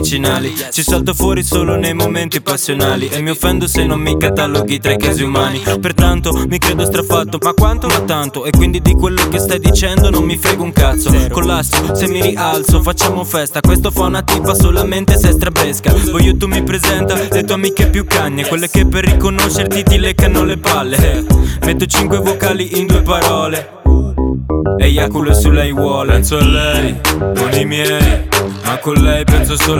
medicinali Ci salto fuori solo nei momenti passionali E mi offendo se non mi cataloghi tra i casi umani Pertanto mi credo strafatto ma quanto ma tanto E quindi di quello che stai dicendo non mi frego un cazzo Collasso se mi rialzo facciamo festa Questo fa una tipa solamente se strabresca Voglio tu mi presenta le tue amiche più cagne Quelle che per riconoscerti ti leccano le palle Metto cinque vocali in due parole e Iaculo su lei vuole Penso a lei, con i miei Ma con lei penso solo